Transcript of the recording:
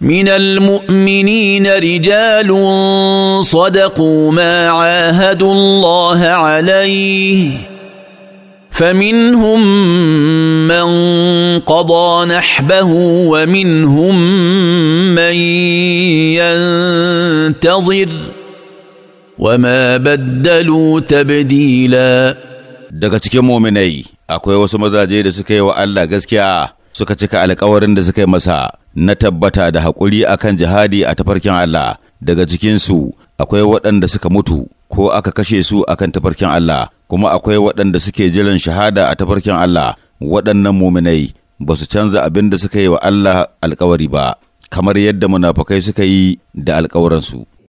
من المؤمنين رجال صدقوا ما عاهدوا الله عليه فمنهم من قضى نحبه ومنهم من ينتظر وما بدلوا تبديلا daga cikin muminai akwai wasu mazaje da suka yi wa Allah gaskiya suka cika alkawarin da suka yi masa na tabbata da haƙuri akan jihadi a tafarkin Allah daga cikinsu akwai waɗanda suka mutu ko aka kashe su akan tafarkin Allah kuma akwai waɗanda suke jiran shahada a tafarkin Allah waɗannan muminai ba su canza abin da suka yi wa Allah alkawari ba kamar yadda munafukai suka yi da alkawaransu.